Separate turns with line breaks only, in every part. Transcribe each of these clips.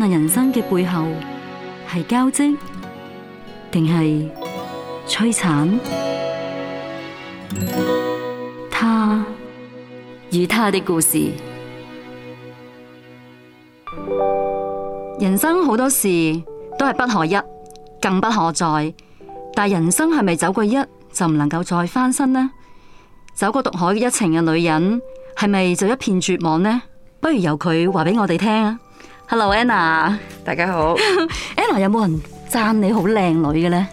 那人生嘅背後係交織，定係摧殘？他與他的故事，人生好多事都係不可一，更不可再。但人生係咪走過一就唔能夠再翻身呢？走過毒海一程嘅女人係咪就一片絕望呢？不如由佢話俾我哋聽啊！Hello，Anna，大家好。 Anna 有冇人讚你好靚女嘅咧？誒、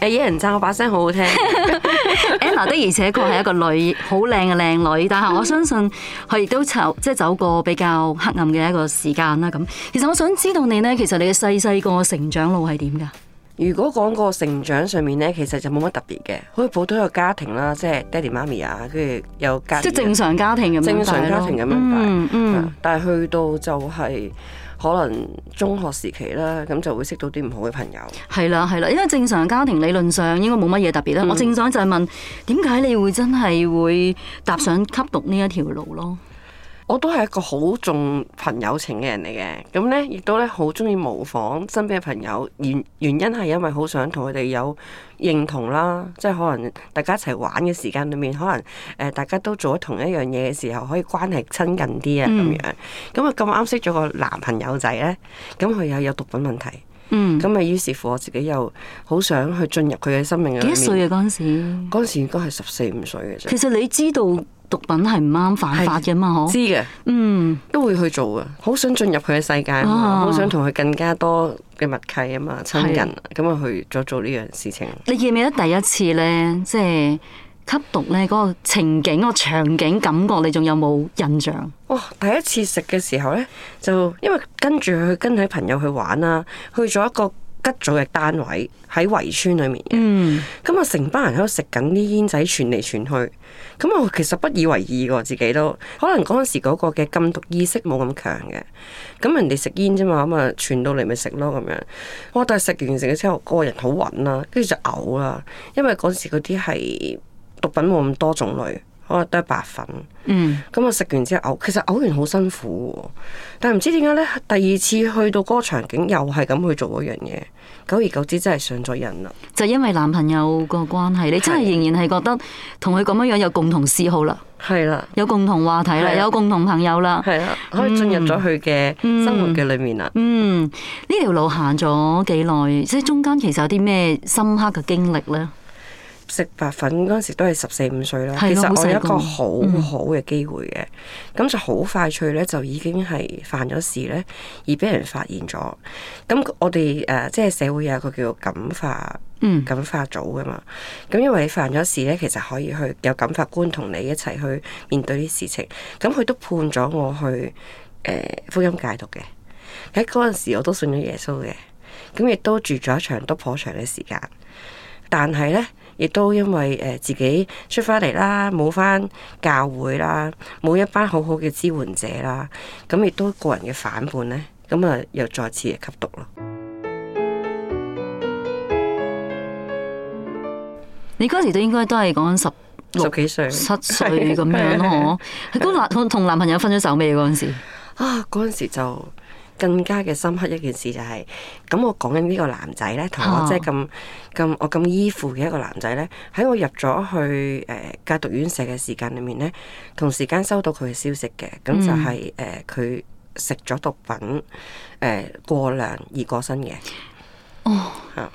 哎，有人讚我把聲好好聽。 Anna 的而且確係一個女好靚嘅靚女，但係我相信佢亦都走即係走過比較黑暗嘅一個時間啦。咁，其實我想知道你咧，其實你嘅細細個成長路係
點噶？如果講個成長上面咧，其實就冇乜特別嘅，好似普通一個家庭啦，即係爹哋媽咪啊，跟住有家庭，即係正常家庭咁樣正常家庭咁樣、嗯嗯、但係去到就係、是。可能中學時期啦，咁就會識到啲唔好嘅朋友。
係啦，係啦，因為正常家庭理論上應該冇乜嘢特別啦。嗯。我正想就係問，點解你會真係會踏上吸毒呢一條路咯？
我都係一個好重朋友情嘅人嚟嘅，咁咧亦都咧好鍾意模仿身邊嘅朋友，原原因係因為好想同佢哋有認同啦，即係可能大家一齊玩嘅時間裏面，可能誒大家都做咗同一樣嘢嘅時候，可以關係親近啲啊咁樣。咁啊咁啱識咗個男朋友仔咧，咁佢又有毒品問題，咁咪、嗯、於是乎我自己又好想去進入佢嘅生命。幾多歲啊？嗰陣時嗰陣時應該係十四五歲嘅啫。其實你知道。毒品係唔啱犯法嘅嘛？嗬，知嘅，嗯，都會去做嘅，好想進入佢嘅世界，好、啊、想同佢更加多嘅默契啊嘛，親近，咁啊是去再做呢樣事情。
你記唔記得第一次呢？即係
吸毒呢嗰個情景、個場景、感覺，你仲有冇印象？哇！第一次食嘅時候呢，就因為跟住佢，跟啲朋友去玩啊，去咗一個。吉咗嘅單位喺圍村裏面嘅，咁啊成班人喺度食緊啲煙仔傳嚟傳去，咁我其實不以為意個自己都，可能嗰陣時嗰個嘅禁毒意識冇咁強嘅，咁人哋食煙啫嘛，咁啊傳到嚟咪食咯咁樣，我但係食完成嘅之後個人好暈啦，啊，跟住就嘔啦，因為嗰時嗰啲係毒品冇咁多種類。我得白粉，咁、嗯、我食完之後嘔，其實嘔完好辛苦，但係唔知點解咧，第二次去到嗰個場景，景又係咁去做嗰樣嘢，久而久之真係上咗癮啦。
就因為男朋友個關係，的你真係仍然係覺得同佢咁樣樣有共同嗜好啦，係啦的，有共同話題啦，的有共同朋友啦，係啦，可以進入咗佢
嘅生活嘅裏面啦、嗯。嗯、
呢、嗯、條路行咗幾耐？
即係中間其實有啲咩深刻嘅經歷咧？食白粉嗰時都係十四五歲啦，歲的其實我係一個好好嘅機會嘅，咁、嗯、就好快脆咧，就已經係犯咗事咧，而俾人發現咗。咁我哋誒、呃，即係社會有一個叫做感化，嗯，感化組噶嘛。咁因為你犯咗事咧，其實可以去有感化官同你一齊去面對啲事情。咁佢都判咗我去誒、呃、福音戒毒嘅。喺嗰陣時，我都信咗耶穌嘅，咁亦都住咗一場都頗長嘅時間，但係咧。亦都因為誒自己出翻嚟啦，冇翻教會啦，冇一班好好嘅支援者啦，咁亦都個人嘅反叛咧，咁啊又再次吸毒咯。你嗰時
應該都應該都係講十
十幾歲、七歲咁樣咯，嗬 是？男 同男朋友分咗手未啊？嗰陣時啊，嗰陣時就。更加嘅深刻一件事就係、是，咁我講緊呢個男仔咧，同我即係咁咁，我咁依附嘅一個男仔咧，喺我入咗去誒戒毒院舍嘅時間裏面咧，同時間收到佢嘅消息嘅，咁就係誒佢食咗毒品誒、呃、過量而過身嘅。
哦，啊、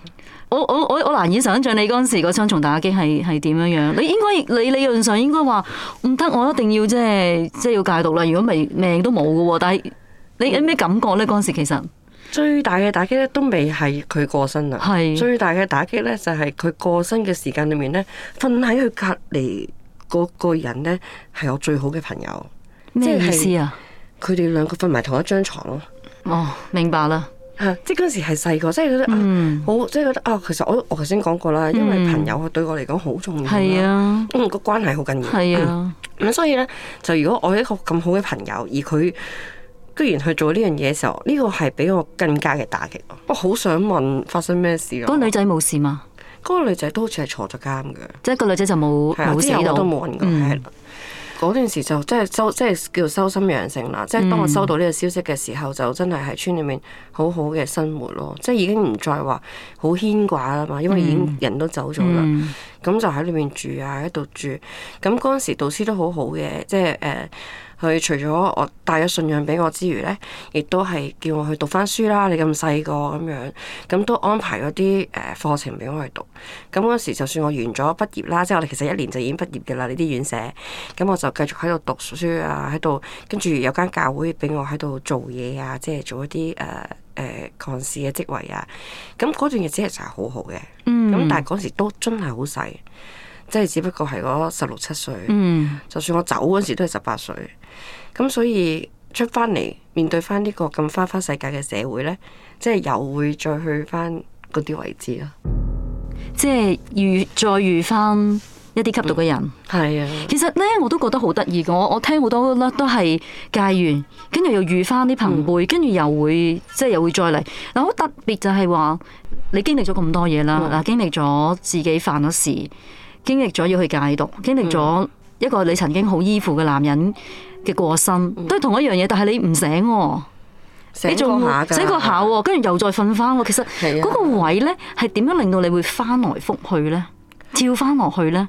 我我我我難以想象你嗰陣時個雙重打擊係係點樣樣？你應該你理論上應該話唔得，我一定要即係即係要戒毒啦，如果唔係命都冇噶喎。但係你有咩感覺咧？嗰時其實
最大嘅打擊咧，都未係佢過身啊。係最大嘅打擊咧，就係佢過身嘅時間裏面咧，瞓喺佢隔籬嗰個人咧，係我最好嘅朋友。咩意思啊？佢哋兩個瞓埋同一張床咯。哦，明白啦。即係嗰時係細個，即係覺得，嗯，嗯，嗯，我即係覺得啊，其實我我頭先講過啦，因為朋友對我嚟講好重要，係啊，嗯，個關係好緊要，係啊。咁，嗯，所以咧，就如果我一個咁好嘅朋友，而佢。居然去做呢樣嘢嘅時候，呢、這個係畀我更加嘅打擊。我好想問發生咩事啊？嗰個女仔冇事嘛？嗰個女仔都好似係坐咗監嘅，即係個女仔就冇冇事。我都問嘅，嗰段時就即係收即係叫修心養性啦。即係當我收到呢個消息嘅時候，就真係喺村裏面好好嘅生活咯。即係已經唔再話好牽掛啦嘛，因為已經人都走咗啦。咁、嗯嗯、就喺裏面住啊，喺度住、啊。咁嗰陣時導師都好好嘅，即係誒。Uh, 佢除咗我帶咗信仰俾我之餘咧，亦都係叫我去讀翻書啦。你咁細個咁樣，咁都安排嗰啲誒課程俾我去讀。咁嗰時就算我完咗畢業啦，即係我哋其實一年就已經畢業嘅啦呢啲院舍，咁我就繼續喺度讀書啊，喺度跟住有間教會俾我喺度做嘢啊，即係做一啲誒誒幹事嘅職位啊。咁嗰段日子其實係好好嘅。嗯。咁但係嗰時都真係好細，即係只不過係嗰十六七歲。嗯。就算我走嗰時都係十八歲。咁、嗯、所以出翻嚟面對翻呢個咁花花世界嘅社會呢，即係又會再去翻嗰啲位置啦，
即係遇再遇翻一啲吸毒嘅人，係、嗯、啊。其實呢，我都覺得好得意，我我聽好多都係戒完，跟住又遇翻啲朋輩，跟住、嗯、又會即係又會再嚟。嗱好特別就係話你經歷咗咁多嘢啦，嗱、嗯、經歷咗自己犯咗事，經歷咗要去戒毒，經歷咗一個你曾經好依附嘅男人。嘅過身都係同一樣嘢，但係你唔醒喎、
啊，醒過下㗎，醒下
喎、啊，跟住的又再瞓翻喎。其實嗰的個
位呢，係點樣令到你會翻來覆去呢？跳翻落去呢？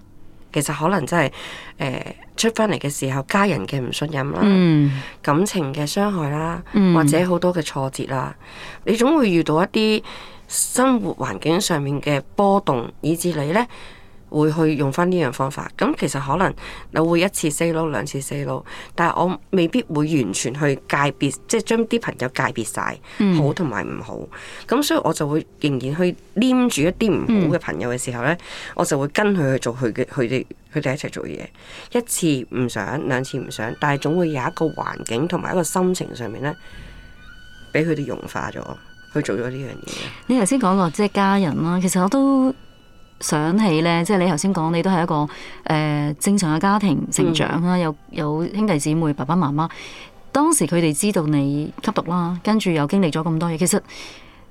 其實可能真係誒、呃、出翻嚟嘅時候，家人嘅唔信任啦，嗯、感情嘅傷害啦，或者好多嘅挫折啦，嗯、你總會遇到一啲生活環境上面嘅波動，以至你呢。會去用翻呢樣方法，咁其實可能你會一次 say no 兩次 say no，但係我未必會完全去界別，即係將啲朋友界別晒，嗯、好同埋唔好。咁所以我就會仍然去黏住一啲唔好嘅朋友嘅時候咧，嗯、我就會跟佢去做佢嘅佢哋佢哋一齊做嘢。一次唔想，兩次唔想，但係總會有一個環境同埋一個心情上面咧，俾佢哋融化咗去做咗呢樣嘢。
你頭先講過即係家人啦，其實我都想起咧，即係你頭先講，你都係一個誒、呃、正常嘅家庭成長啦，嗯、有有兄弟姊妹、爸爸媽媽，當時佢哋知道你吸毒啦，跟住又經歷咗咁多嘢。其實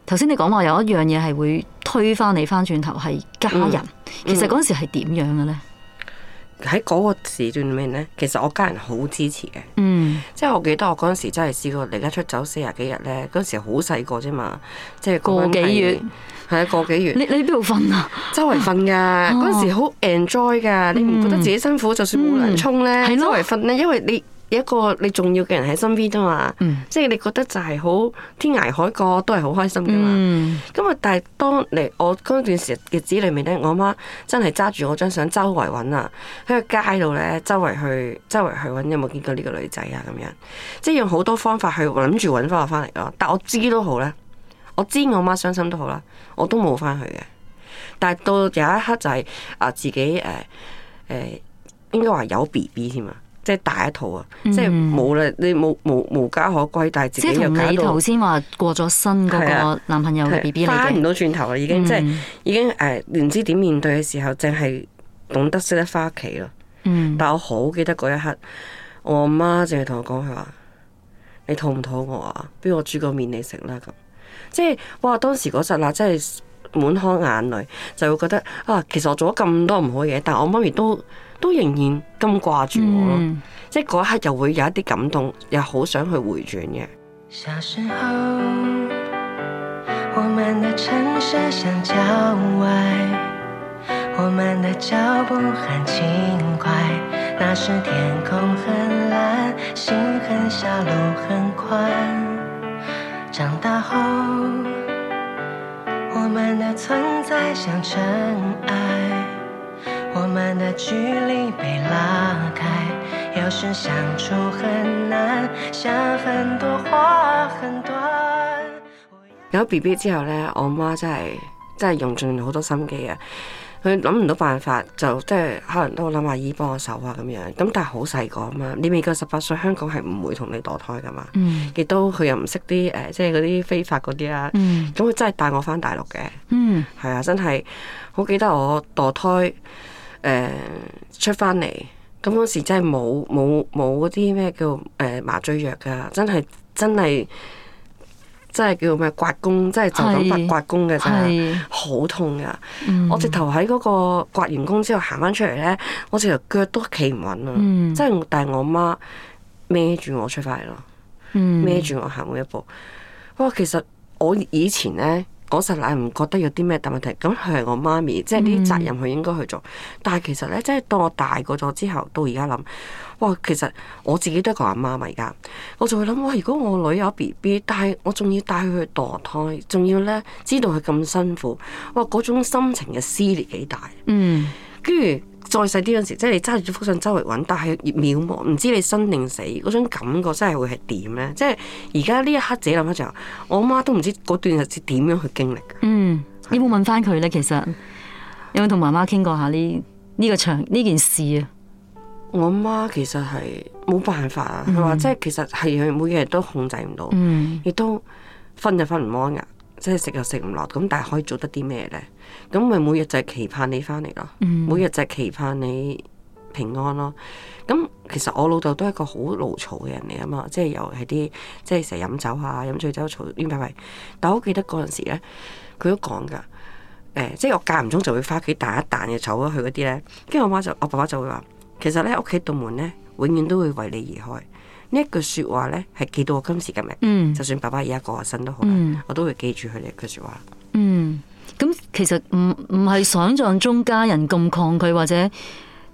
頭先你講話有一樣嘢係會推返你返轉頭係家人，
嗯、其實嗰陣時
係點樣嘅咧？嗯嗯
喺嗰個時段裏面咧，其實我家人好支持嘅，嗯，即係我記得我嗰陣時真係試過離家出走四十幾日咧，嗰陣時好細個啫嘛，即係個幾月，係啊個幾月。你你喺邊度瞓啊？周圍瞓㗎，嗰陣、哦、時好 enjoy 㗎，你唔覺得自己辛苦，嗯、就算冇涼沖咧，嗯、周圍瞓咧，的因為你。一個你重要嘅人喺身邊啫嘛，mm. 即係你覺得就係好天涯海角都係好開心噶嘛。咁啊，但係當嚟我嗰段時日子裏面咧，我媽真係揸住我張相周圍搵啊，喺個街度咧周圍去周圍去搵有冇見過呢個女仔啊咁樣，即係用好多方法去諗住搵翻我翻嚟咯。但我知都好咧，我知我媽傷心都好啦，我都冇翻去嘅。但係到有一刻就係、是、啊自己誒誒、啊啊，應該話有 B B 添啊。即係大一套啊！嗯、即係冇啦，你冇無無家可歸，但係自己又搞到即頭先
話過咗身嗰個男朋友嘅 B B 翻唔
到轉頭啦，已經、嗯、即係已經誒，唔、哎、知點面對嘅時候，淨係懂得識得翻屋企咯。嗯、但我好記得嗰一刻，我阿媽淨係同我講佢話：你肚唔肚餓啊？畀我煮個麵你食啦？咁即係哇！當時嗰陣啊，即係滿腔眼淚，就會覺得啊，其實我做咗咁多唔好嘢，但我媽咪都，都仍然咁掛住我咯，嗯、即係嗰一刻又會有一啲感動，又好想去回轉嘅。小時候，我們的城市像郊外，我們的腳步很輕快。那時天空很藍，心很小，路很寬。長大後，我們的存在像塵埃。有 B B 之後咧，我媽真係真係用盡好多心機啊！佢諗唔到辦法，就即係可能都諗阿姨幫我手啊咁樣。咁但係好細個啊嘛，你未夠十八歲，香港係唔會同你墮胎噶嘛？亦、嗯、都佢又唔識啲誒，即係嗰啲非法嗰啲啊。咁佢、嗯、真係帶我返大陸嘅，係、嗯、啊，真係好記得我墮胎。誒出翻嚟，咁嗰時真係冇冇冇啲咩叫誒麻醉藥噶，真係真係真係叫咩刮宮，真係就咁刮刮宮嘅啫，好痛噶！我直頭喺嗰個刮完宮之後行翻出嚟咧，我直頭腳都企唔穩啦，即係、嗯就是、但係我媽孭住我出翻嚟
咯，孭住、
嗯、我行每一步。不過，其實我以前咧～嗰陣時唔覺得有啲咩大問題，咁佢係我媽咪，即係呢啲責任佢應該去做。但係其實咧，即係當我大個咗之後，到而家諗，哇，其實我自己都係個阿媽嚟噶。我就會諗，哇，如果我女有 B B，但係我仲要帶佢去墮胎，仲要咧知道佢咁辛苦，哇，嗰種心情嘅撕裂幾大。
嗯，
跟住。再細啲嗰陣時，即係你揸住幅相周圍揾，但係渺茫，唔知你生定死，嗰種感覺真係會係點咧？即係而家呢一刻自己諗翻就，我媽都唔知嗰段日子點樣去經歷。嗯，
你有冇問翻佢咧？其實有冇同媽媽傾過下呢呢、這個場呢件事啊？
我阿媽其實係冇辦法啊，佢話、嗯、即係其實係佢每日都控制唔到，亦、嗯、都瞓就瞓唔安噶。即係食又食唔落，咁但係可以做得啲咩咧？咁咪每日就係期盼你翻嚟咯，嗯、每日就係期盼你平安咯。咁其實我老豆都係一個好嘮嘈嘅人嚟啊嘛，即係又係啲即係成日飲酒啊，飲醉酒嘈，點解咪？但係我記得嗰陣時咧，佢都講噶，誒、欸，即係我間唔中就會翻屋企彈一彈嘅走咗去嗰啲咧，跟住我媽就，我爸爸就會話，其實咧屋企道門咧，永遠都會為你而開。一句說話咧，係記到我今時今日。嗯，就算爸爸而家過下身都好，嗯、我都會記住佢呢一句說話。
嗯，咁其實唔唔係想象中家人咁抗拒或者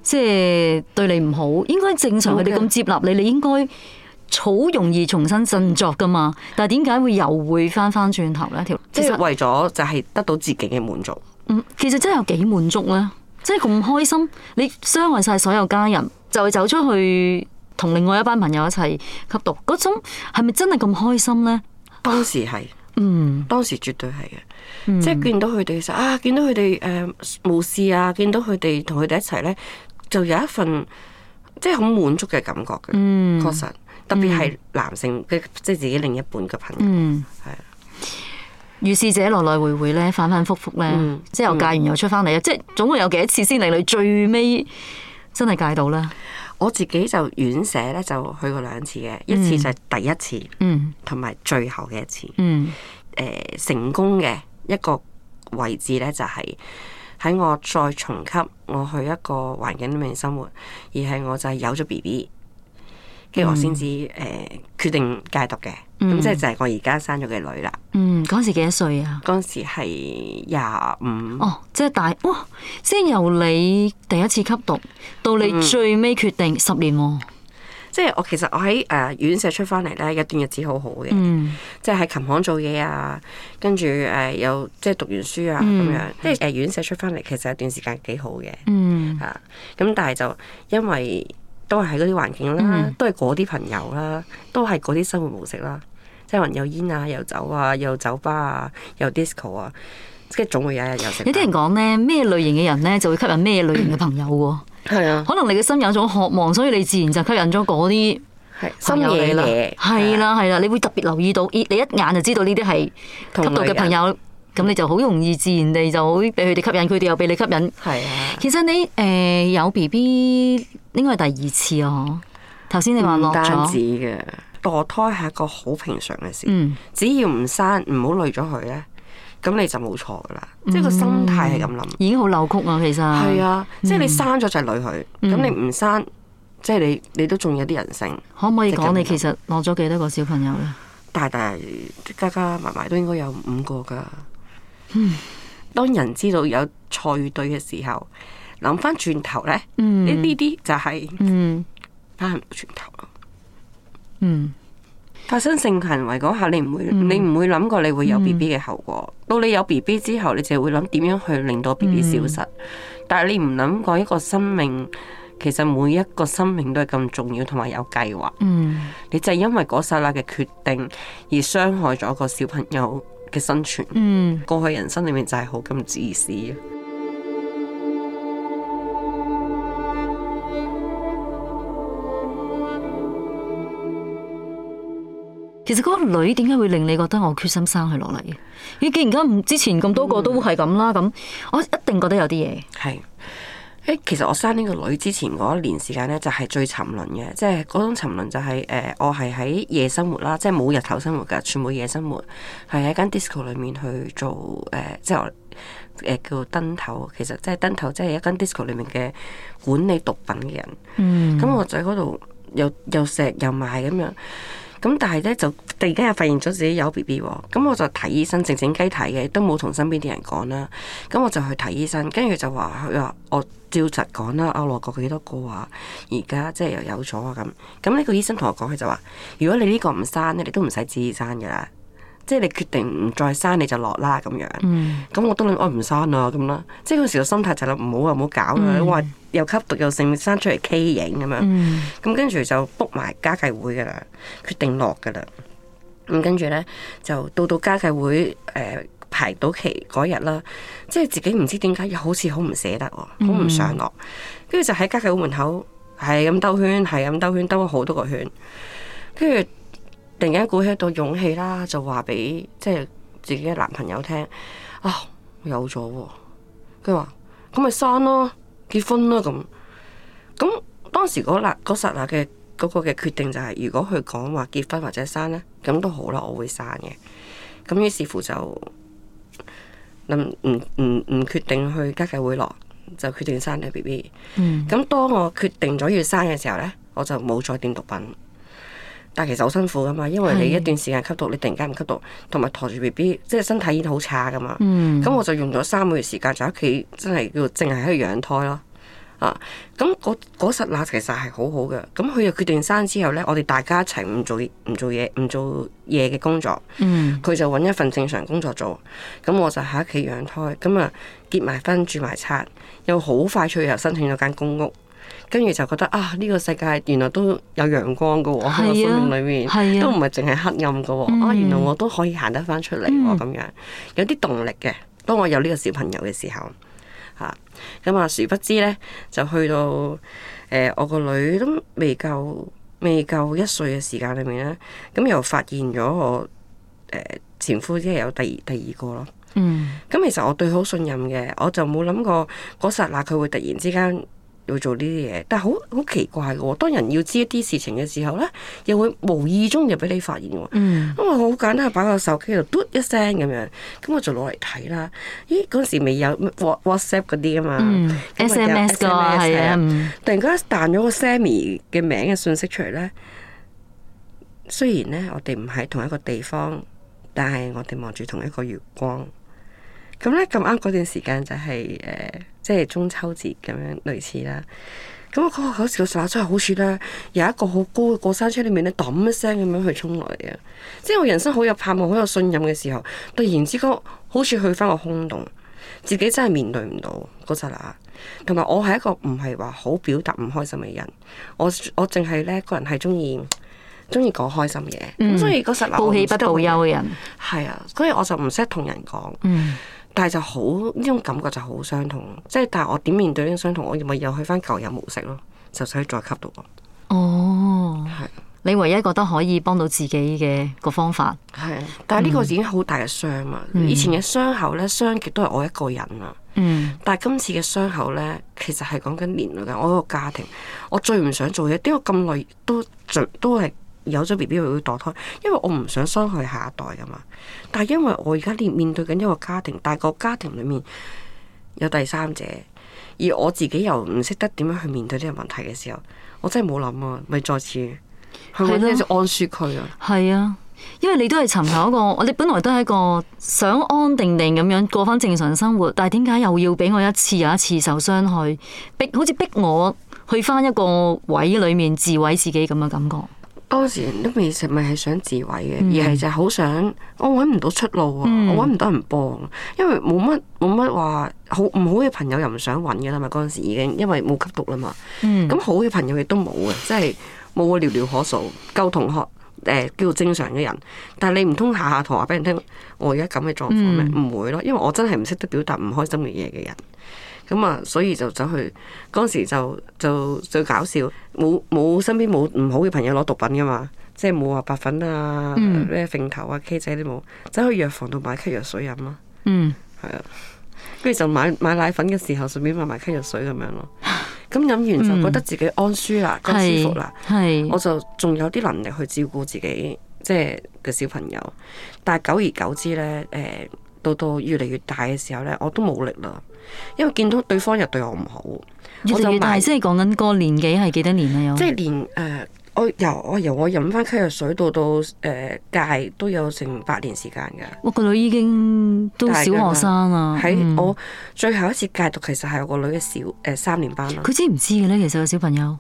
即係、就是、對你唔好，應該正常佢哋咁接納你，Okay. 你應該好容易重新振作噶嘛。但係點解會又會翻翻轉頭呢？條其實
為咗就係得到自己嘅滿足、嗯。
其實真係有幾滿足呢？真係咁開心。你傷害晒所有家人，就係、是、走出去。同另外一班朋友一齊吸毒，嗰種係咪真係咁開心呢？
當時係，
嗯，
當時絕對係嘅，即係見到佢哋，實啊，見到佢哋誒無事啊，見到佢哋同佢哋一齊呢，就有一份即係好滿足嘅感覺嘅，嗯，確實，特別係男性嘅，即係自己另一半嘅朋友，嗯，係
啊，如是者來來回回咧，反反覆覆咧，即係又戒完又出翻嚟，即係總共有幾多次先令你最尾真係戒到
啦？我自己就院舍咧就去過兩次嘅，一次就係第一次，同埋、嗯、最後嘅一次，誒、嗯呃、成功嘅一個位置咧就係、是、喺我再重給我去一個環境裏面生活，而係我就係有咗 B B，跟住我先至誒決定戒毒嘅。咁即係就係我而家生咗嘅女啦。
嗯，嗰
時幾多歲啊？嗰時係廿五。哦，即係大哇！即係由你第一次吸毒到你最
尾決定十年，
即係我其實我喺誒院舍出翻嚟咧，有段日子好好嘅。即係喺琴行做嘢啊，跟住誒又即係讀完書啊咁樣。即係誒院舍出翻嚟，其實有段時間幾好嘅。嗯啊，咁但係就因為都係喺嗰啲環境啦，都係嗰啲朋友啦，都係嗰啲生活模式啦。即係話有煙啊，有酒啊，又酒吧啊，又 disco 啊，即係總會有一有有啲人
講咧，咩類型嘅人咧，就會吸引咩類型嘅朋友喎？係啊， 啊可能你嘅心有種渴望，所以你自然就吸引咗嗰啲心有嘢啦。係啦係啦，你會特別留意到，你一眼就知道呢啲係吸毒嘅朋友，咁你就好容易自然地就好俾佢哋吸引，佢哋又俾你吸引。係啊。其實你誒有 B B，應該係第二次啊！嗬，頭先你話落咗。單止嘅。
墮胎係一個好平常嘅事，只要唔生，唔好累咗佢呢，咁你就冇錯噶啦。即係個心態係咁諗，已經好扭曲啊。其實係啊，即係你生咗就係累佢，咁你唔生，即係你你都仲有啲人性。可唔可以講你其實落咗幾多個小朋友啊？大大加加埋埋都應該有五個噶。當人知道有錯與對嘅時候，諗翻轉頭呢，呢啲就係翻唔到轉頭嗯，發生性行為嗰下你唔會，你唔會諗過你會有 B B 嘅後果。嗯，到你有 B B 之後，你就會諗點樣去令到 B B 消失。嗯，但係你唔諗過一個生命，其實每一個生命都係咁重要，同埋有計劃。嗯，你就係因為嗰剎那嘅決定而傷害咗個小朋友嘅生存。嗯，過去人生裏面就係好咁自私。
其實嗰個女點解會令你覺得我決心生佢落嚟？咦，既然唔之前咁多個都係咁啦，咁、嗯、我一定覺得有啲嘢。
係誒，其實我生呢個女之前嗰一年時間咧，就係、是、最沉淪嘅，即係嗰種沉淪就係、是、誒、呃，我係喺夜生活啦，即係冇日頭生活嘅，全部夜生活，係喺間 disco 裏面去做誒、呃，即係誒、呃、叫做燈頭。其實即係燈頭，即、就、係、是、一間 disco 裏面嘅管理毒品嘅人。嗯，咁我仔嗰度又又食又賣咁樣。咁但係咧就，突然間又發現咗自己有 B B 喎，咁、嗯、我就睇醫生靜靜雞睇嘅，都冇同身邊啲人講啦。咁、嗯、我就去睇醫生，跟住就話，佢話我照實講啦，我落過幾多個啊，而家即係又有咗啊咁。咁、嗯、呢、嗯嗯這個醫生同我講，佢就話，如果你呢個唔生咧，你都唔使自己生㗎啦。即係你決定唔再生，你就落啦咁樣。咁、嗯、我都諗愛唔生啦咁啦。即係嗰陣時個心態就係唔好啊唔好搞佢，啊、話、嗯、又吸毒又性生出嚟畸形咁樣。咁、嗯、跟住就 book 埋家計會噶啦，決定落噶啦。咁跟住咧就到到家計會誒、呃、排到期嗰日啦，即係自己唔知點解又好似好唔捨得，好唔上落。跟住、嗯、就喺家計會門口係咁兜圈，係咁兜圈兜咗好多個圈，跟住。突然間鼓起到勇氣啦，就話俾即係自己嘅男朋友聽啊，我有咗喎。佢話咁咪生咯，結婚咯咁。咁當時嗰剎那嘅嗰、嗰個嘅決定就係、是，如果佢講話結婚或者生咧，咁都好啦，我會生嘅。咁於是乎就諗唔唔唔決定去家計會落，就決定生你 B B。咁、嗯、當我決定咗要生嘅時候咧，我就冇再掂毒品。但其實好辛苦㗎嘛，因為你一段時間吸毒，你突然間唔吸毒，同埋抬住 BB，即係身體已經好差㗎嘛。咁、嗯、我就用咗三個月時間，就喺屋企真係要淨係喺度養胎咯。啊，咁、那、嗰、個那個、實那其實係好好嘅。咁佢又決定生之後咧，我哋大家一齊唔做唔做嘢，唔做嘢嘅工作。佢、嗯、就揾一份正常工作做，咁我就喺屋企養胎，咁啊結埋婚住埋拆，又好快脆又申請咗間公屋。跟住就覺得啊，呢、這個世界原來都有陽光嘅喎、哦，喺我生命裏面、啊、都唔係淨係黑暗嘅喎、哦。嗯、啊，原來我都可以行得返出嚟喎、哦，咁、嗯、樣有啲動力嘅。當我有呢個小朋友嘅時候，嚇、啊、咁啊，殊不知呢，就去到誒、呃、我個女都未夠未夠一歲嘅時間裏面咧，咁、啊、又發現咗我誒、呃、前夫即係有第二第二個咯。嗯。咁、嗯、其實我對佢好信任嘅，我就冇諗過嗰剎那佢會突然之間。要做呢啲嘢，但係好好奇怪嘅喎。當人要知一啲事情嘅時候咧，又會無意中又俾你發現喎。嗯，因為好簡單，擺個手機喺度嘟一聲咁樣，咁我就攞嚟睇啦。咦，嗰陣時未有 WhatsApp 嗰啲啊嘛，SMS 咯，係啊，突然間彈咗個 Sammy 嘅名嘅信息出嚟咧。雖然咧我哋唔喺同一個地方，但係我哋望住同一個月光。.咁咧咁啱嗰段時間就係、是、誒，即係中秋節咁樣類似啦。咁我嗰個搞笑個實習真係好似咧，有一個好高嘅過山車裏面咧，揼一聲咁樣去衝落嚟啊！即係我人生好有盼望、好有信任嘅時候，突然之間好似去翻個空洞，自己真係面對唔到、嗰個實習同埋我係一個唔係話好表達唔開心嘅人，我我淨係咧個人係中意中意講開心嘢，嗯、所以個實習報喜不報憂嘅人係啊，所以我就唔識同人講。嗯。但係就好呢種感覺就好傷痛。即係但係我點面對呢種傷痛，我咪又去翻舊有模式咯，就使再吸毒咯。
哦，係是，你唯一覺得可以幫到自己嘅個方
法係、啊，但係呢個已經好大嘅傷啊！嗯、以前嘅傷口咧，傷極都係我一個人啊，嗯、但係今次嘅傷口咧，其實係講緊連累嘅我個家庭，我最唔想做嘢，點解咁耐都盡都係？有咗 B B 又會墮胎，因為我唔想傷害下一代噶嘛。但係因為我而家面面對緊一個家庭，但係個家庭裏面有第三者，而我自己又唔識得點樣去面對呢個問題嘅時候，我真係冇諗啊！咪再次去嗰啲安舒區啊？
係啊，因為你都係尋求一個，我哋 本來都係一個想安定定咁樣過翻正常生活，但係點解又要俾我一次又一次受傷害，逼好似逼我去翻一個位裏面自毀自己咁嘅感覺？
當時都未食，咪係想自毀嘅，而係就係好想我搵唔到出路啊！嗯、我搵唔到人幫，因為冇乜冇乜話好唔好嘅朋友又唔想搵噶啦。嘛。嗰陣時已經因為冇吸毒啦嘛，咁、嗯、好嘅朋友亦都冇嘅，即係冇個，寥寥可數舊同學誒、呃，叫做正常嘅人。但係你唔通下下同話俾人聽我而家咁嘅狀況咩？唔、嗯、會咯，因為我真係唔識得表達唔開心嘅嘢嘅人。咁啊、嗯，所以就走去嗰陣時就就，就最搞笑，冇冇身邊冇唔好嘅朋友攞毒品噶嘛，即係冇話白粉啊、咩鈴、嗯啊、頭啊、K 仔啲，冇，走去藥房度買咳藥水飲啊，係啊、嗯，跟住就買買奶粉嘅時候，順便買埋咳藥水咁樣咯。咁飲、啊、完就覺得自己安舒啦，跟、嗯、舒服啦，我就仲有啲能力去照顧自己即係嘅小朋友。但係久而久之咧，誒到到越嚟越大嘅時候咧，我都冇力啦。因為見到對方又對我唔好，
越越大我大即係講緊個年紀係幾多年啊？有即係
連誒、呃，我由我由我飲翻咳藥水到到誒、呃、戒都有成八年時間噶。
我個、哦、女已經都小學生啦，喺是、嗯、我
最後一次戒毒，其實係我個女嘅小誒三、呃、年班啦。佢知
唔知嘅咧？其實個小朋
友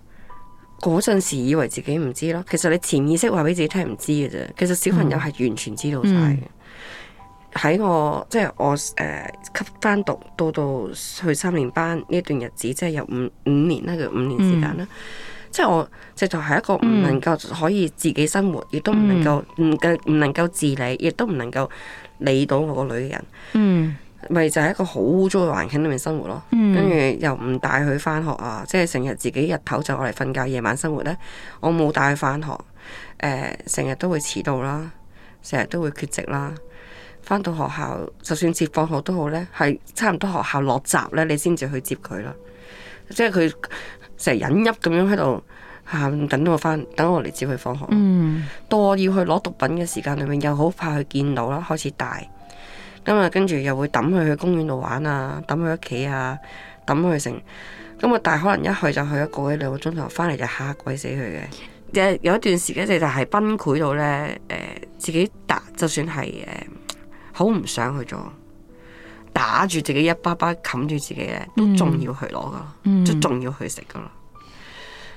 嗰陣時以為自己唔知咯，其實你潛意識話俾自己聽唔知嘅啫。其實小朋友係完全知道晒嘅。嗯嗯喺我即係我誒吸翻毒到到去三年班呢段日子，即係有五五年啦，叫五年時間啦。即係我直頭係一個唔能夠可以自己生活，亦都唔能夠唔唔能夠自理，亦都唔能夠理到我個女人，嗯，咪就係一個好污糟嘅環境裏面生活咯。跟住又唔帶佢翻學啊，即係成日自己日頭就落嚟瞓覺，夜晚生活咧，我冇帶佢翻學誒，成日都會遲到啦，成日都會缺席啦。翻到學校，就算接放學都好咧，係差唔多學校落閘咧，你先至去接佢咯。即係佢成日隱泣咁樣喺度喊，等我翻，等我嚟接佢放學。嗯、到我要去攞毒品嘅時間裏面，又好怕佢見到啦，開始大咁啊。跟住又會揼佢去公園度玩啊，揼佢屋企啊，揼佢成咁啊。但係可能一去就去一個一兩個鐘頭，翻嚟就嚇鬼死佢嘅。嗯、有一段時間，佢就係崩潰到咧，誒、呃、自己打，就算係誒。好唔想去做，打住自己一巴巴，冚住自己咧，都仲要去攞噶、嗯，即仲要去食噶啦。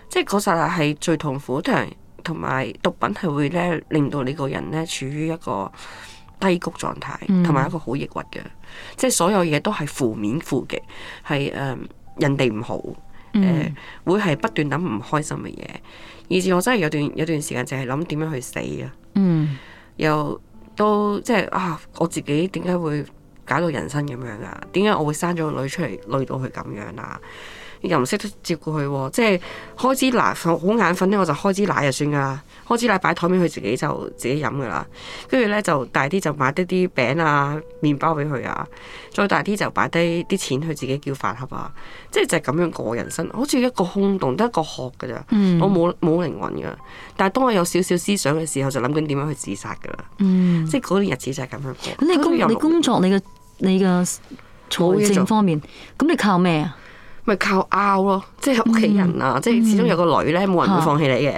即係嗰陣係最痛苦同，埋毒品係會咧令到你個人咧處於一個低谷狀態，同埋、嗯、一個好抑鬱嘅，即係所有嘢都係負面負極，係誒、呃、人哋唔好誒、嗯呃，會係不斷諗唔開心嘅嘢，以致我真係有段有段時間淨係諗點樣去死啊，嗯、又。都即係啊！我自己點解會搞到人生咁樣啊？點解我會生咗個女出嚟累到佢咁樣啊？又唔識得照顧佢喎、啊，即係開支奶粉，好眼瞓咧，我就開支奶就算噶啦。開始咧擺台俾佢自己就自己飲噶啦。跟住咧就大啲就買得啲餅啊、麵包俾佢啊。再大啲就擺低啲錢，去自己叫飯盒啊。即係就咁樣過人生，好似一個空洞，得一個殼噶咋。嗯、我冇冇靈魂噶。但係當我有少少思想嘅時候，就諗緊點樣去自殺噶啦。嗯、即係嗰段日子就係咁樣過。你工你工
作你嘅你嘅財政方
面，咁你靠咩啊？咪靠拗咯，即係屋企人啊，即係始終有個女咧，冇人會放棄你嘅。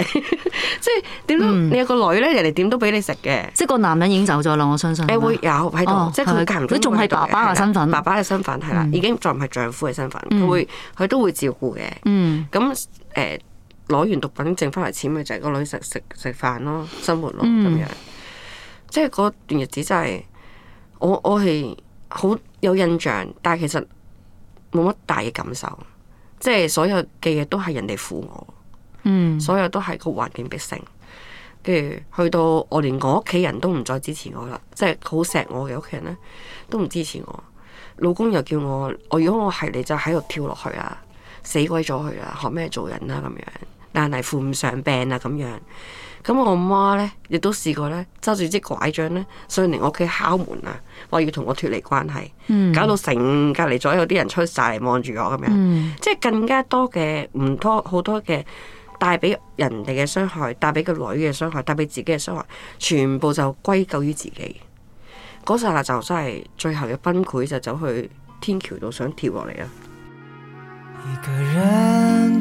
即係點都你有個女咧，人哋點都俾你食嘅。即係個男人已經走咗啦，我相信。誒，會有喺度，即係佢佢仲係爸爸嘅身份，爸爸嘅身份係啦，已經再唔係丈夫嘅身份。佢會佢都會照顧嘅。咁誒，攞完毒品剩翻嚟錢，咪就係個女食食食飯咯，生活咯咁樣。即係嗰段日子真係，我我係好有印象，但係其實。冇乜大嘅感受，即係所有嘅嘢都係人哋負我，嗯，所有都係個環境逼成，跟住去到我連我屋企人都唔再支持我啦，即係好錫我嘅屋企人咧，都唔支持我，老公又叫我，我如果我係你就喺度跳落去啦，死鬼咗佢啦，學咩做人啦、啊、咁樣，但係扶唔上病啊咁樣。咁我媽咧亦都試過咧，揸住支拐杖咧上嚟我屋企敲門啊，話要同我脱離關係，嗯、搞到成隔離左右啲人出晒嚟望住我咁樣，嗯、即係更加多嘅唔多好多嘅帶俾人哋嘅傷害，帶俾個女嘅傷害，帶俾自己嘅傷害，全部就歸咎於自己嗰陣就真係最後嘅崩潰，就走去天橋度想跳落嚟啦。
一個人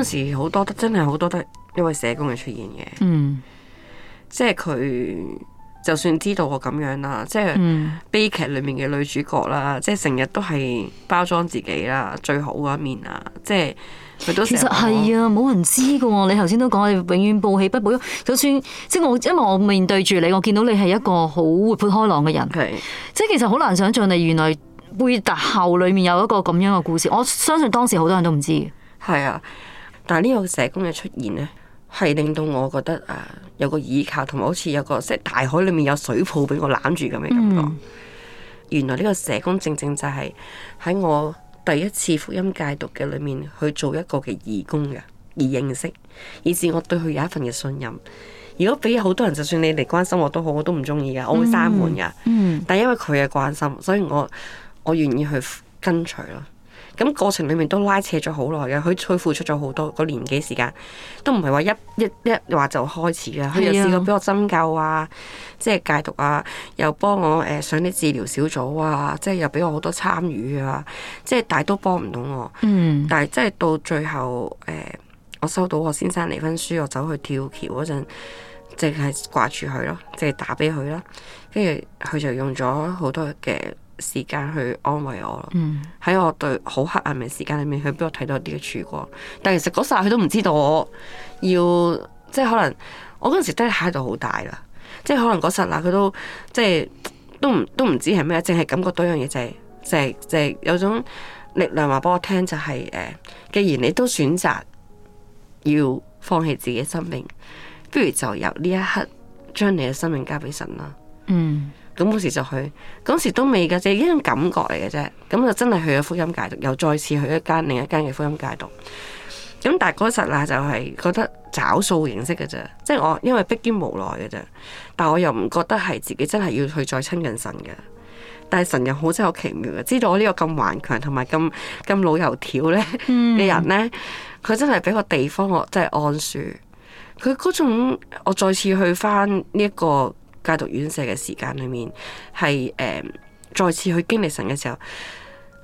當時好多得，真係好多得，因為社工嘅出現嘅，嗯、即係佢就算知道我咁樣啦，即係悲劇裏面嘅女主角啦，嗯、即係成日都係包裝自己啦，最好嗰一面啊，即係佢都其實係
啊，冇人知㗎。我你頭先都講，你永遠報喜不報憂，就算即係我因為我面對住你，我見到你係一個好活潑開朗嘅人，是的 即係其實好難想象你原來背後裏面有一個
咁樣嘅故事。我相信當時好多人都唔知，係啊。但係呢個社工嘅出現咧，係令到我覺得啊，有個倚靠同埋好似有個即係大海裡面有水泡俾我攬住咁嘅感覺。Mm hmm. 原來呢個社工正正就係喺我第一次福音戒毒嘅裡面去做一個嘅義工嘅而認識，以至我對佢有一份嘅信任。如果俾好多人，就算你嚟關心我都好，我都唔中意嘅，我會閂門嘅。Mm hmm. 但因為佢嘅關心，所以我我願意去跟隨咯。咁過程裏面都拉扯咗好耐嘅，佢佢付出咗好多個年幾時間，都唔係話一一一話就開始嘅。佢又試過俾我針灸啊，是啊即係戒毒啊，又幫我誒上啲治療小組啊，即係又俾我好多參與啊，即係但都幫唔到我。嗯、但係即係到最後誒、呃，我收到我先生離婚書，我走去跳橋嗰陣，淨係掛住佢咯，即係打俾佢啦。跟住佢就用咗好多嘅時間去安慰我咯，喺我對好黑暗嘅時間裏面，佢幫我睇到一啲嘅曙光。但係其實嗰剎那佢都唔知道我要，即係可能我嗰陣時低下度好大啦，即係可能嗰剎那佢都即係都唔都唔知係咩，淨係感覺到一樣嘢就係就係就係有種力量話俾我聽，就係、是、誒，既然你都選擇要放棄自己生命，不如就由呢一刻將你嘅生命交俾神啦。嗯。咁嗰時就去，嗰時都未噶，就呢種感覺嚟嘅啫。咁就真係去咗福音戒毒，又再次去一間另一間嘅福音戒毒。咁但係嗰時啊，就係覺得找數形式嘅啫，即係我因為迫於無奈嘅啫。但我又唔覺得係自己真係要去再親近神嘅。但係神又好真係好奇妙嘅，知道我呢個咁頑強同埋咁咁老油條咧嘅人咧，佢、嗯、真係俾個地方我即係安舒。佢嗰種我再次去翻呢一個。戒毒院舍嘅時間裏面，係誒、嗯、再次去經歷神嘅時候，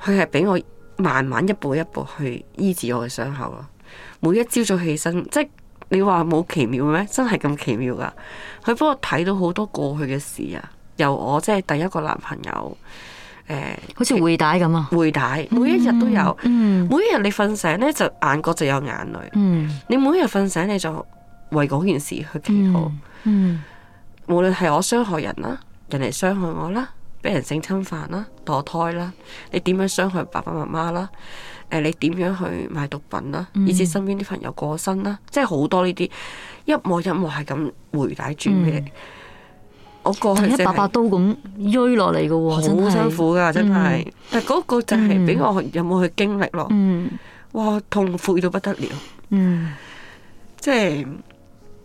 佢係俾我慢慢一步一步去醫治我嘅傷口咯。每一朝早起身，即係你話冇奇妙咩？真係咁奇妙噶！佢幫我睇到好多過去嘅事啊，由我即係第一個男朋友，誒、嗯，好似回帶咁啊，回帶，每一日都有，嗯、每一日你瞓醒咧就眼角就有眼淚，嗯、你每一日瞓醒你就為嗰件事去祈禱，嗯嗯。無論係我傷害人啦、啊，人嚟傷害我啦、啊，俾人性侵犯啦、啊，墮胎啦、啊，你點樣傷害爸爸媽媽啦？誒，你點樣去賣毒品啦、啊？嗯、以致身邊啲朋友過身啦、啊，即係好多呢啲一幕一幕係咁回帶轉俾你，嗯、我過去一百把刀咁落嚟嘅喎，好、嗯、辛苦噶，真係。嗯、但係嗰個就係俾我有冇去經歷咯，嗯嗯、哇，痛苦到不得了。即係、嗯，嗯、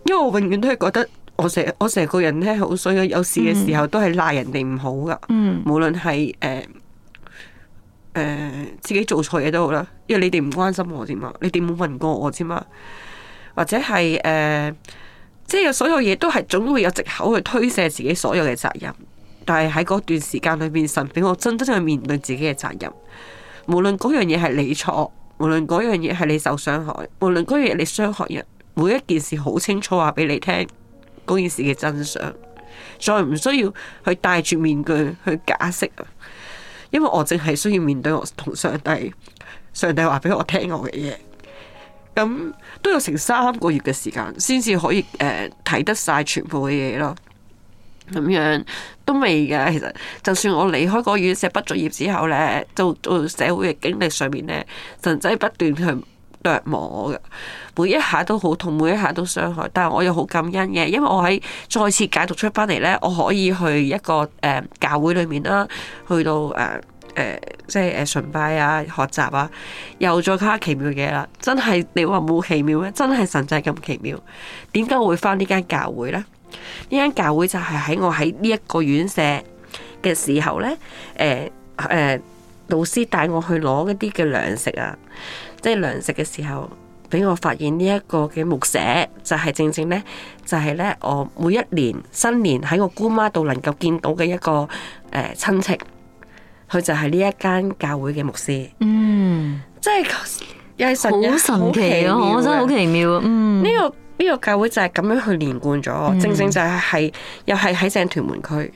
因為我永遠都係覺得。我成我成個人咧，好衰有事嘅時候都係賴人哋唔好噶，mm. 無論係誒誒自己做錯嘢都好啦。因為你哋唔關心我啫嘛，你哋冇問過我啫嘛？或者係誒，即、呃、係、就是、所有嘢都係總會有藉口去推卸自己所有嘅責任。但係喺嗰段時間裏面，神俾我真真正正面對自己嘅責任。無論嗰樣嘢係你錯，無論嗰樣嘢係你受傷害，無論嗰樣嘢你傷害人，每一件事好清楚話俾你聽。嗰件事嘅真相，再唔需要去戴住面具去假釋。啊！因為我淨係需要面對我同上帝，上帝話俾我聽我嘅嘢。咁都有成三個月嘅時間，先至可以誒睇、呃、得晒全部嘅嘢咯。咁樣都未嘅。其實就算我離開個院舍畢咗業之後咧，做做社會嘅經歷上面咧，神仔不斷去。啄磨我嘅每一下都好痛，每一下都傷害。但係我又好感恩嘅，因為我喺再次解讀出翻嚟呢，我可以去一個誒、呃、教會裏面啦，去到誒誒、呃、即係誒、呃、崇拜啊、學習啊，又再睇奇妙嘢啦。真係你話冇奇妙咩？真係神蹟咁奇妙，點解我會翻呢間教會呢？呢間教會就係喺我喺呢一個院舍嘅時候呢，誒、呃、誒、呃，老師帶我去攞一啲嘅糧食啊。即係糧食嘅時候，俾我發現呢一個嘅牧師，就係正正咧，就係咧我每一年新年喺我姑媽度能夠見到嘅一個誒親戚，佢就係呢一間教會嘅牧師。嗯，即係又係神，好神奇啊！奇我覺得好奇妙。嗯，呢、呢個呢、呢個教會就係咁樣去連貫咗、嗯就係，正正就係係又係喺正屯門區，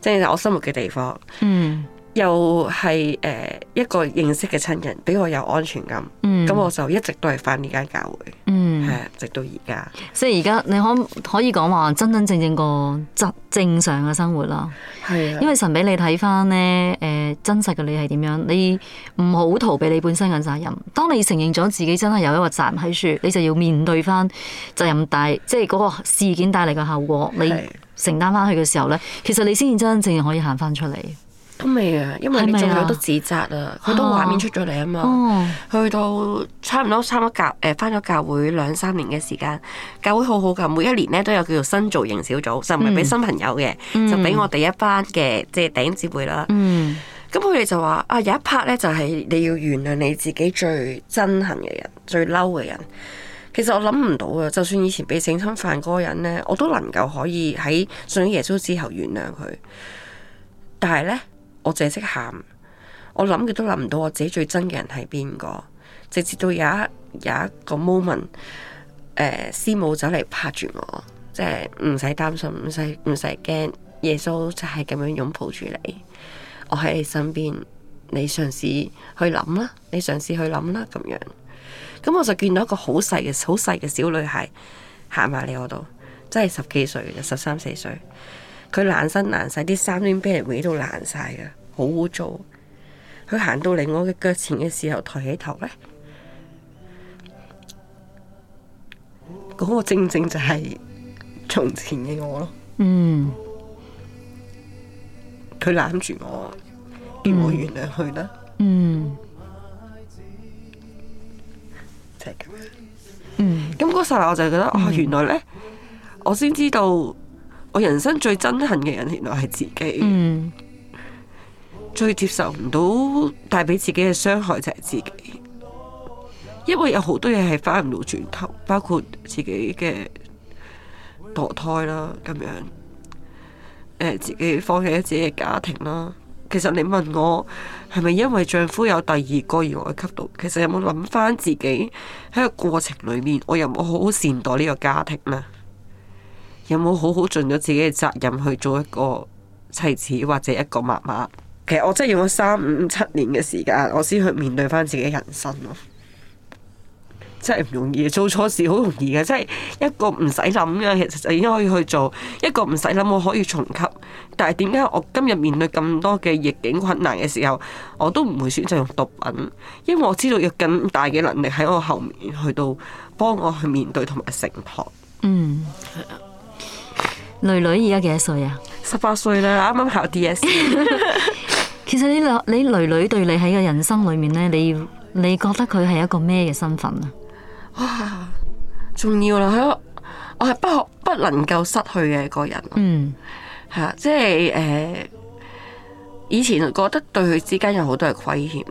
正正我生活嘅地方。嗯。又係誒一個認識嘅親人，俾我有安全感，咁、嗯、我就一直都係翻呢間教會，係啊、嗯，直到而家。即
係而家，你可唔可以講話真真正正個正正常嘅生活啦。係啊的，因為神俾你睇翻呢誒真實嘅你係點樣，你唔好逃避你本身嘅責任。當你承認咗自己真係有一個責任喺處，你就要面對翻責任帶即係嗰個事件帶嚟嘅後果，你承擔翻去嘅時候咧，的其實你先至真真正正可以行翻出嚟。
都未啊，因為你仲有得指責啊，佢都畫面出咗嚟啊嘛。Oh. Oh. 去到差唔多差唔多教誒翻咗教會兩三年嘅時間，教會好好嘅，每一年咧都有叫做新造型小組，就唔係俾新朋友嘅，mm. 就俾我哋一班嘅即係頂子輩啦。咁佢哋就話啊，有一 part 咧就係你要原諒你自己最憎恨嘅人、最嬲嘅人。其實我諗唔到啊，就算以前俾整親飯嗰個人咧，我都能夠可以喺信咗耶穌之後原諒佢，但係咧。我淨係識喊，我諗嘅都諗唔到我自己最憎嘅人係邊個。直至到有一有一個 moment，誒、呃、師母走嚟拍住我，即係唔使擔心，唔使唔使驚，耶穌就係咁樣擁抱住你，我喺你身邊，你嘗試去諗啦，你嘗試去諗啦，咁樣。咁我就見到一個好細嘅好細嘅小女孩行埋你嗰度，真係十幾歲，十三四歲。佢爛身爛曬啲衫，點俾人毀到爛曬噶？好污糟！佢行到嚟我嘅腳前嘅時候，抬起頭咧，嗰個正正就係從前嘅我咯。嗯。佢攬住我，
叫我原
諒佢啦。嗯。就係咁樣。嗯。咁嗰時候我就覺得，哦，原來咧，我先知道。我人生最憎恨嘅人，原來係自己。嗯、最接受唔到帶俾自己嘅傷害就係自己，因為有好多嘢係翻唔到轉頭，包括自己嘅墮胎啦，咁樣。自己放棄咗自己嘅家庭啦。其實你問我係咪因為丈夫有第二個而我吸毒？其實有冇諗翻自己喺個過程裏面，我有冇好好善待呢個家庭呢？有冇好好盡咗自己嘅責任去做一個妻子，或者一個媽媽？其實我真係用咗三五七年嘅時間，我先去面對返自己人生咯，真係唔容易。做錯事好容易嘅，即係一個唔使諗嘅，其實就已經可以去做一個唔使諗。我可以重吸，但係點解我今日面對咁多嘅逆境困難嘅時候，我都唔會選擇用毒品，因為我知道有更大嘅能力喺我後面去到幫我去面對同埋承托。嗯，
女女而家幾多歲啊？十八歲啦，
啱啱考 D S。
其實你你女女對你喺個人生裏面咧，你你覺得佢係一個咩嘅身份啊？
哇，重要啦！我我係不可不能夠失去嘅個人。
嗯，
係啊，即係誒、呃，以前覺得對佢之間有好多係虧欠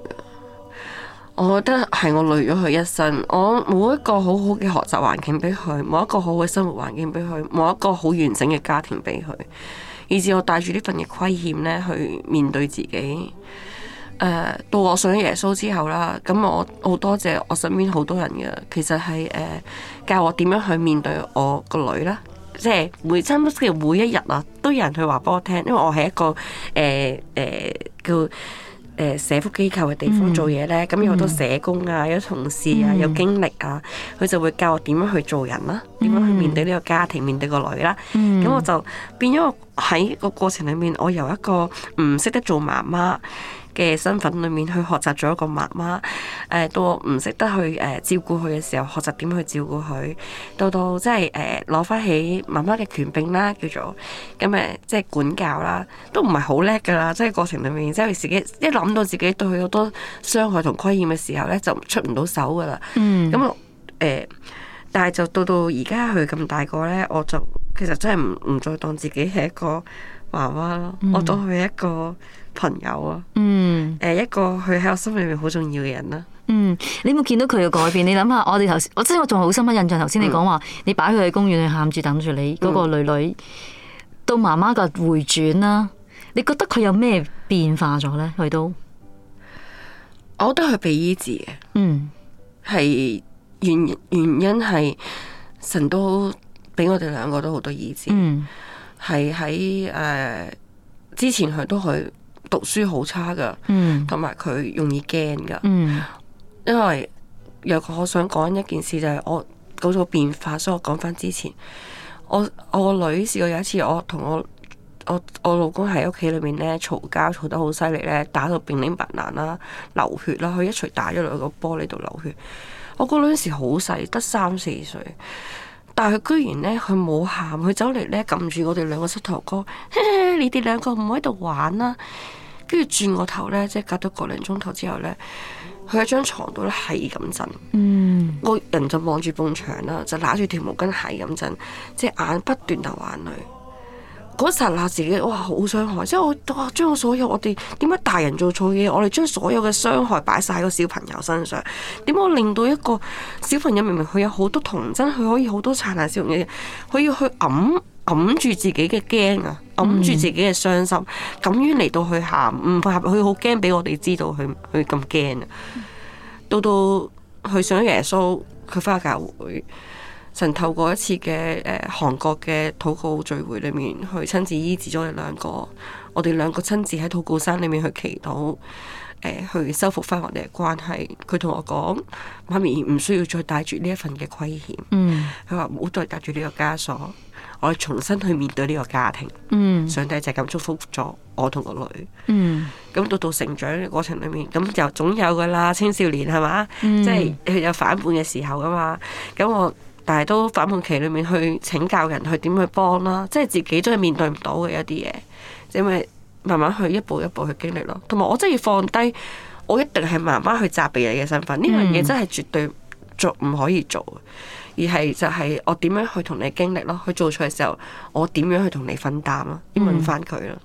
我覺得係我累咗佢一生，我冇一個好好嘅學習環境俾佢，冇一個好好嘅生活環境俾佢，冇一個好完整嘅家庭俾佢，以致我帶住呢份嘅虧欠呢去面對自己。誒、呃，到我上咗耶穌之後啦，咁我好多謝我身邊好多人嘅，其實係誒、呃、教我點樣去面對我個女啦，即係每餐嘅每一日啊，都有人去話俾我聽，因為我係一個誒誒叫，呃呃誒社福機構嘅地方做嘢咧，咁、嗯、有好多社工啊，有同事啊，嗯、有經歷啊，佢就會教我點樣去做人啦、啊，點、嗯、樣去面對呢個家庭，面對個女啦、啊。咁、嗯、我就變咗我喺個過程裏面，我由一個唔識得做媽媽，嘅身份裏面去學習咗一個媽媽，誒、呃、到我唔識得去誒、呃、照顧佢嘅時候，學習點去照顧佢，到到即係誒攞翻起媽媽嘅權柄啦，叫做咁誒、嗯，即係管教啦，都唔係好叻噶啦，即係過程裏面，即係自己一諗到自己對佢好多傷害同虧欠嘅時候咧，就出唔到手噶啦。嗯。咁、呃、誒，但係就到到而家佢咁大個咧，我就其實真係唔唔再當自己係一個媽媽咯，我當佢係一個。朋友啊，嗯，誒，一個佢喺我心裏面好重要嘅人啦、啊。
嗯，你有冇見到佢嘅改變？你諗下，我哋頭先，我真係我仲係好深刻印象。頭先你講話，嗯、你擺佢喺公園，佢喊住等住你，嗰個女女、嗯、到媽媽嘅回轉啦、啊。你覺得佢有咩變化咗咧？佢都，
我覺得佢被醫治嘅，嗯，係原原因係神都俾我哋兩個都好多醫治，嗯，係喺誒之前佢都去。讀書好差㗎，同埋佢容易驚㗎。嗯、因為又我想講一件事，就係、是、我嗰個變化。所以我講返之前，我我個女試過有一次我我，我同我我我老公喺屋企裏面咧嘈交，嘈得好犀利咧，打到遍體鱗爛啦，流血啦。佢一錘打咗落去個玻璃度流血。我個女嗰時好細，得三四歲，但係佢居然咧，佢冇喊，佢走嚟咧撳住我哋兩個膝頭哥，你哋兩個唔好喺度玩啦、啊。跟住轉個頭咧，即係隔咗個零鐘頭之後咧，佢喺張床度咧係咁震，我、mm. 人就望住埲牆啦，就揦住條毛巾係咁震，即係眼不斷流眼淚。嗰剎那時候自己哇好傷害，即係我將我所有我哋點解大人做錯嘢，我哋將所有嘅傷害擺晒喺個小朋友身上，點解我令到一個小朋友明明佢有好多童真，佢可以好多燦爛笑容嘅，可以去揞揞住自己嘅驚啊？諗住、嗯、自己嘅傷心，敢於嚟到去喊，唔配合佢好驚俾我哋知道佢佢咁驚。到上到佢信耶穌，佢翻去教會，神透過一次嘅，誒韓國嘅禱告聚會裏面，去親自醫治咗我哋兩個。我哋兩個親自喺禱告山裏面去祈禱。誒去修復翻我哋嘅關係，佢同我講：媽咪唔需要再帶住呢一份嘅虧欠。佢話唔好再帶住呢個枷鎖，我哋重新去面對呢個家庭。嗯、上帝就咁祝福咗我同個女。咁到、嗯、到成長嘅過程裡面，咁就總有㗎啦。青少年係嘛？嗯、即係有反叛嘅時候㗎嘛。咁我但係都反叛期裡面去請教人去點去幫啦，即係自己都係面對唔到嘅一啲嘢，就係、因為。慢慢去一步一步去經歷咯，同埋我真係要放低，我一定係慢慢去責備你嘅身份呢樣嘢真係絕對做唔可以做。而係就係、是、我點樣去同你經歷咯，佢做錯嘅時候，我點樣去同你分擔咯，問返佢咯。嗯嗯。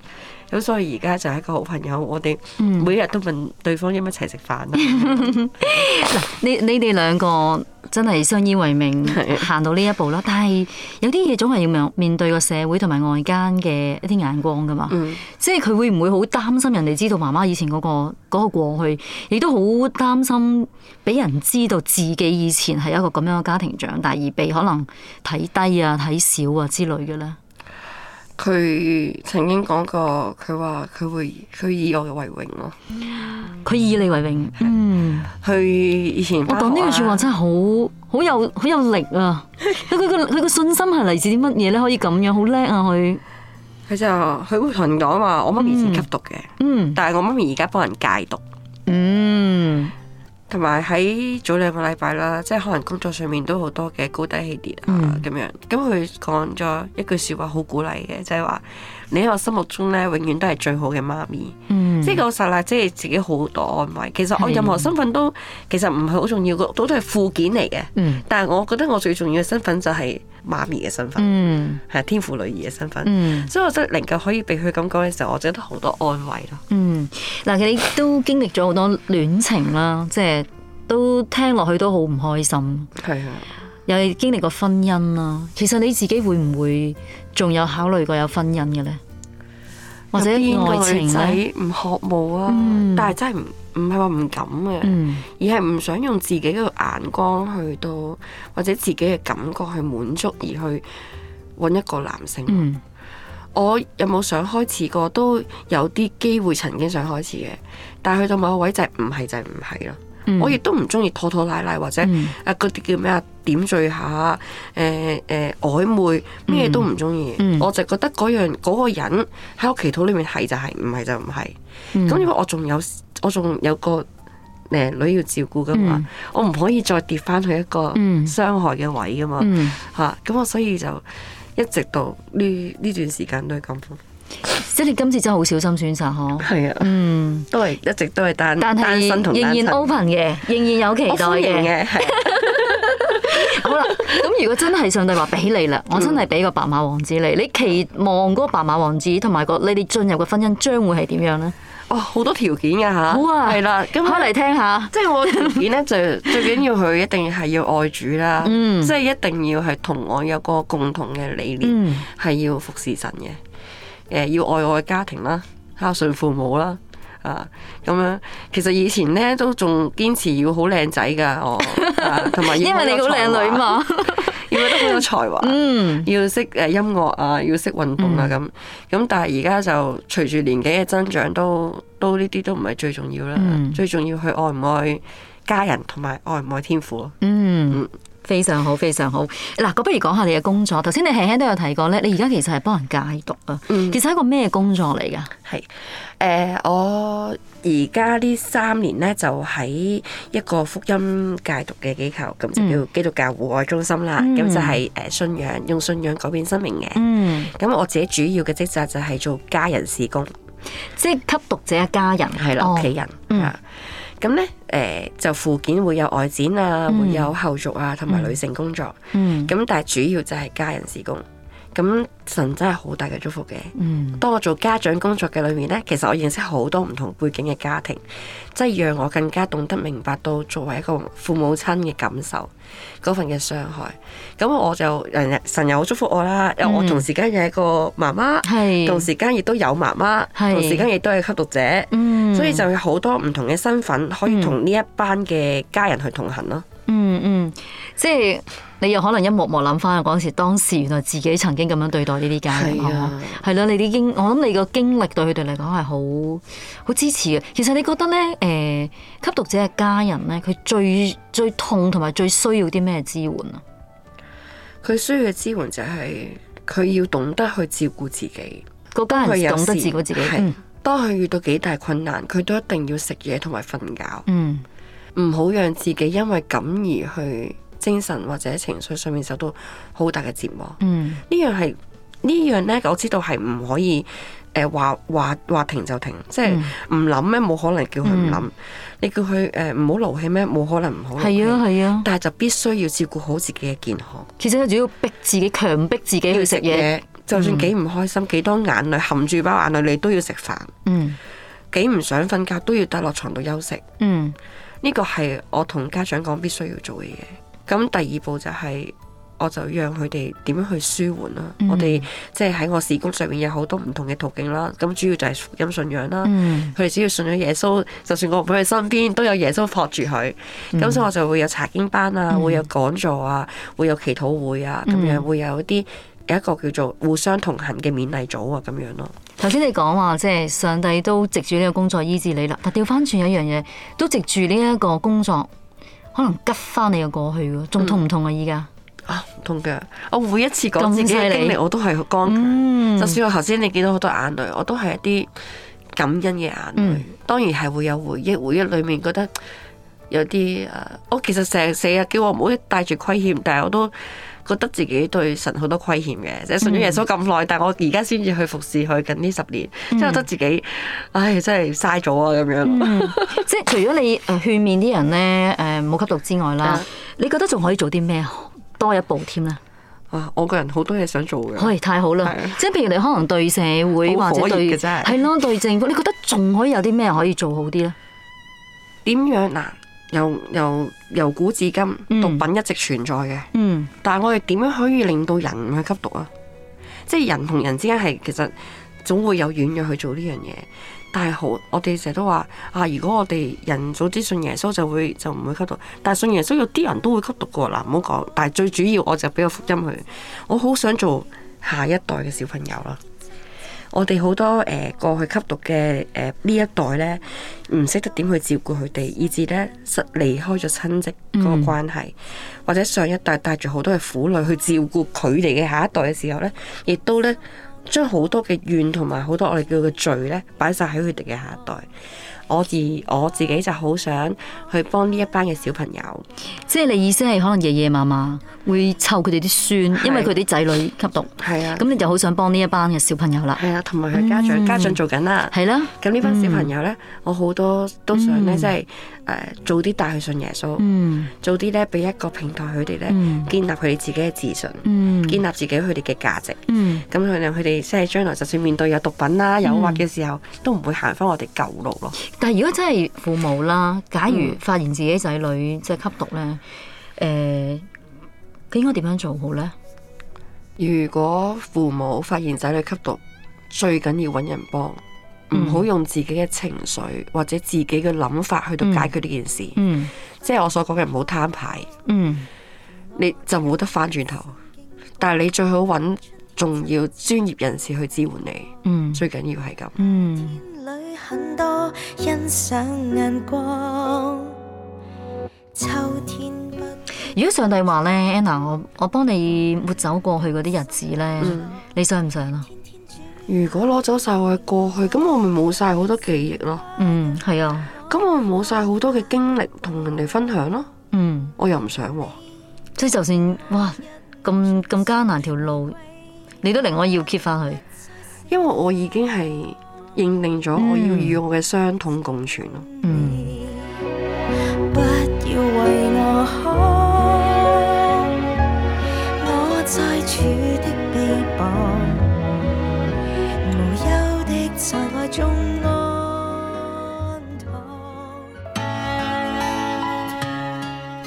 咁所以而家就係一個好朋友，我哋每日都問對方一一齊食飯啦。
嗱， 你你哋兩個真係相依為命，行到呢一步啦。 但係有啲嘢總係要面面對個社會同埋外間嘅一啲眼光㗎嘛。嗯，即係佢會唔會好擔心人哋知道媽媽以前嗰個嗰個過去，亦都好擔心俾人知道自己以前係一個咁樣嘅家庭長大，而被可能睇低啊、睇少啊之類嘅咧。
佢曾經講過，佢話佢會佢以我嘅為榮咯、啊，
佢以你為榮。嗯，佢以前、啊、我講呢句説話真係好好有好有力啊！佢佢個
佢個信心係嚟自啲乜嘢咧？可以咁樣好叻啊！佢佢就佢會同人講話，我媽咪以前吸毒嘅、嗯，嗯，但係我媽咪而家幫人戒毒，嗯。同埋喺早兩個禮拜啦，即係可能工作上面都好多嘅高低起跌啊咁、mm. 樣。咁佢講咗一句説話好鼓勵嘅，就係、是、話你喺我心目中咧，永遠都係最好嘅媽咪。Mm. 即係講實啦，即係自己好多安慰。其實我任何身份都其實唔係好重要嘅，都都係副件嚟嘅。Mm. 但係我覺得我最重要嘅身份就係、是。媽咪嘅身份，係啊、嗯、天父女兒嘅身份，嗯、所以我覺得能夠可以俾佢咁講嘅時候，我得到好多安慰咯。
嗯，嗱，你都經歷咗好多戀情啦，嗯、即係都聽落去都好唔開心。係啊，又係經歷過婚姻啦。其實你自己會唔會仲有考慮過有婚姻嘅咧？或者愛情咧？
唔學無啊，嗯、但係真係唔。唔係話唔敢嘅，嗯、而係唔想用自己嘅眼光去到或者自己嘅感覺去滿足，而去揾一個男性。嗯、我有冇想開始過，都有啲機會曾經想開始嘅，但係去到某個位就係唔係就係唔係囉。嗯、我亦都唔中意拖拖拉拉或者誒嗰啲叫咩啊？點綴下，誒、呃、誒、呃、曖昧，咩都唔中意。嗯、我就覺得嗰樣嗰、嗰個人喺我祈禱裏面係就係、係，唔係就唔係。咁、嗯、如果我仲有我仲有個誒女要照顧噶嘛，嗯、我唔可以再跌翻去一個傷害嘅位噶嘛嚇。咁、嗯嗯啊、我所以就一直到呢呢段時間都係咁。即
係你今次真係好小心選擇嗬？係、 嗯、啊，嗯，都係一直都係單單身同單仍然 open 嘅，仍然有期待嘅。 好咁 如果真係上帝話俾你啦，我真係俾個白馬王子你，你期望嗰個白馬王子同埋個你哋進入嘅
婚姻將會係點樣咧？哦，好多條件㗎、啊、吓，好啊，係
啦，咁開嚟聽下。
即係我條件咧， 就最緊要佢一定係要愛主啦，即係 一定要係同我有個共同嘅理念，係 要服侍神嘅，誒，要愛我嘅家庭啦，孝順父母啦。啊，咁樣，其實以前咧都仲堅持要好靚仔噶，哦，同埋、 啊、 因為你好靚女嘛，要 得好有才華，嗯，要識誒音樂啊，要識運動啊，咁，咁但係而家就隨住年紀嘅增長都，都都呢啲都唔係最重要啦，嗯、最重要係愛唔愛家人，同埋愛唔愛天父咯，嗯。嗯非常好，非常好。嗱，我
不如講下你嘅工作。頭先你輕輕都有提過咧，你而家其實係幫人戒毒啊。嗯，其實係一個咩工作嚟噶？
係誒、呃，我而家呢三年咧就喺一個福音戒毒嘅機構，咁就叫基督教互愛中心啦。咁、嗯、就係誒信仰，用信仰改變生命嘅。嗯，咁我自己主要嘅職責就係做家人事工，即係吸毒者一家人，係咯、哦，屋企人啊。嗯 yeah. 咁咧，誒、欸、就附件會有外展啊，嗯、會有後續啊，同埋女性工作。咁、嗯、但係主要就係家人事工。咁神真係好大嘅祝福嘅。當我做家長工作嘅裏面咧，其實我認識好多唔同背景嘅家庭，即係讓我更加懂得明白到作為一個父母親嘅感受，嗰份嘅傷害。咁我就人神又好祝福我啦，因、嗯、我同時間有一個媽媽，是同時間亦都有媽媽，是同時間亦都係吸毒者，嗯、所以就有好多唔同嘅身份可以同呢一班嘅家人去同行咯。
嗯嗯，即係你又可能一幕幕諗翻嗰時，當時原來自己曾經咁樣對待呢啲家人，係啦、啊吧，你啲經，我諗你個經歷對佢哋嚟講係好好支持嘅。其實你覺得咧，誒、呃，吸毒者嘅家人咧，佢最最痛同埋最需要啲咩支援啊？
佢需要嘅支援就係佢要懂得去照顧自己。
個、嗯、家人要懂得照顧自己，嗯、
當佢遇到幾大困難，佢都一定要食嘢同埋瞓覺。嗯。唔好讓自己因為咁而去精神或者情緒上面受到好大嘅折磨。嗯，呢樣係呢樣咧，我知道係唔可以誒，話話話停就停，即係唔諗咩，冇可能叫佢唔諗。你叫佢誒唔好勞氣咩，冇可能唔好。係啊係啊。但係就必須要照顧好自己嘅健康。其實你只要逼自己，強迫自己要食嘢。就算幾唔開心，幾多眼淚含住包眼淚，你都要食飯。嗯。幾唔想瞓覺，都要帶落床度休息。嗯。呢個係我同家長講必須要做嘅嘢，咁第二步就係我就讓佢哋點樣去舒緩啦。Mm hmm. 我哋即係喺我事工上面有好多唔同嘅途徑啦。咁主要就係福音信仰啦。佢哋只要信咗耶穌，就算我唔喺佢身邊，都有耶穌護住佢。咁所以我就會有查經班啊，mm hmm. 會有講座啊，會有祈禱會啊，咁樣會有一啲。有一個叫做互相同行嘅勉勵組啊，咁樣咯。
頭先你講話即係、就是、上帝都藉住呢個工作醫治你啦。但係掉翻轉有一樣嘢，都藉住呢一個工作，可能吉翻你嘅過去喎。仲痛唔痛啊？依家
啊，唔痛嘅。我每一次講自己經歷，我都係乾。嗯、就算我頭先你見到好多眼淚，我都係一啲感恩嘅眼淚。嗯、當然係會有回憶，回憶裡面覺得有啲誒。我、哦、其實成日成日叫我唔好帶住虧欠，但係我都。覺得自己對神好多虧欠嘅，即係信咗耶穌咁耐，但係我而家先至去服侍佢近呢十年，即係、嗯、覺得自己，唉，真係嘥咗啊咁樣。嗯、 即係除咗你誒勸勉啲人
咧，誒、呃、冇吸毒之外啦，嗯、你覺得仲可以做啲咩多一步添咧？啊，
我個人好多嘢想做嘅，係
太好啦！的即係譬如你可能對社會或者對，係咯
對，對政府，你覺得仲可以有啲咩可以做好啲咧？點樣嗱、啊？由由由古至今，毒品一直存在嘅。嗯、但係我哋點樣可以令到人唔去吸毒啊？即係人同人之間係其實總會有軟弱去做呢樣嘢。但係好，我哋成日都話啊，如果我哋人早知信耶穌，就會就唔會吸毒。但係信耶穌有啲人都會吸毒噶。嗱、啊，唔好講。但係最主要我，我就俾個福音佢。我好想做下一代嘅小朋友啦。我哋好多誒過去吸毒嘅誒呢一代咧，唔識得點去照顧佢哋，以致咧失離開咗親戚個關係，嗯、或者上一代帶住好多嘅苦累去照顧佢哋嘅下一代嘅時候咧，亦都咧將好多嘅怨同埋好多我哋叫嘅罪咧擺晒喺佢哋嘅下一代。我自我自己就好想去幫呢一班嘅小朋友，
即係你意思係可能爺爺嫲嫲會湊佢哋啲孫，因為佢哋啲仔女吸毒，係啊，咁你就好想幫呢一班嘅小朋友啦，係啊，同埋佢家長，家長做緊
啦，係啦，咁呢班小朋友咧，我好多都想咧，即係誒早啲帶佢信耶穌，嗯，早啲咧俾一個平台佢哋咧，建立佢哋自己嘅自信，嗯，建立自己佢哋嘅價值，嗯，咁佢哋即係將來就算面對有毒品啦、誘惑嘅時候，都唔會行翻我哋舊路咯。
但係如果真係父母啦，假如發現自己仔女即係吸毒咧，誒、嗯呃，佢應該點樣做好咧？
如果父母發現仔女吸毒，最緊要揾人幫，唔好、嗯、用自己嘅情緒或者自己嘅諗法去到解決呢件事。嗯、即係我所講嘅唔好攤牌。嗯、你就冇得翻轉頭。但係你最好揾重要專業人士去支援你。嗯、最緊要係咁。嗯。
如果上帝話咧，Anna，我我幫你抹走過去嗰啲日子咧，嗯，你想唔
想咯？如果攞走晒我嘅過去，咁我咪冇晒好多記憶咯。嗯，係啊，咁我冇晒好多嘅經歷同人哋分享咯。嗯，我又唔想喎，即係就算哇咁咁艱
難條路，你都令我要揭翻去，因為我已經係。認
定咗我要與我嘅傷痛共存，
不要為我哭，我在楚的臂膀，無憂的在愛中安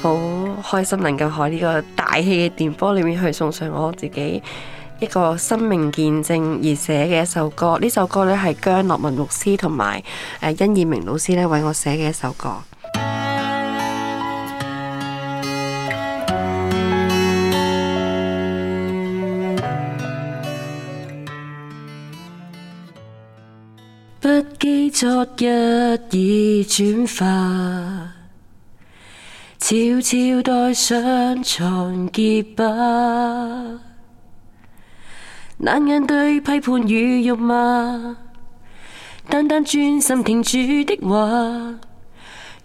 躺。
好開心能夠喺呢個大氣嘅電波裏面去送上我自己。一個生命見證而寫嘅一首歌，呢首歌呢，係姜樂文老師同埋誒殷義明老師呢為我寫嘅一首歌。 不記昨日已轉化，悄悄戴上殘結疤。冷眼對批判與辱罵，單單專心聽主的話，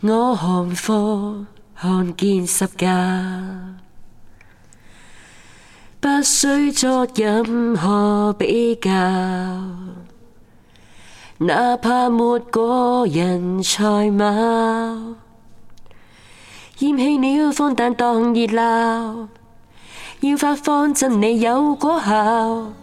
我寒風看見十架，不
需作任何比較，
哪怕沒過人才貌，厭棄了荒誕當熱鬧，要發放真你有果效。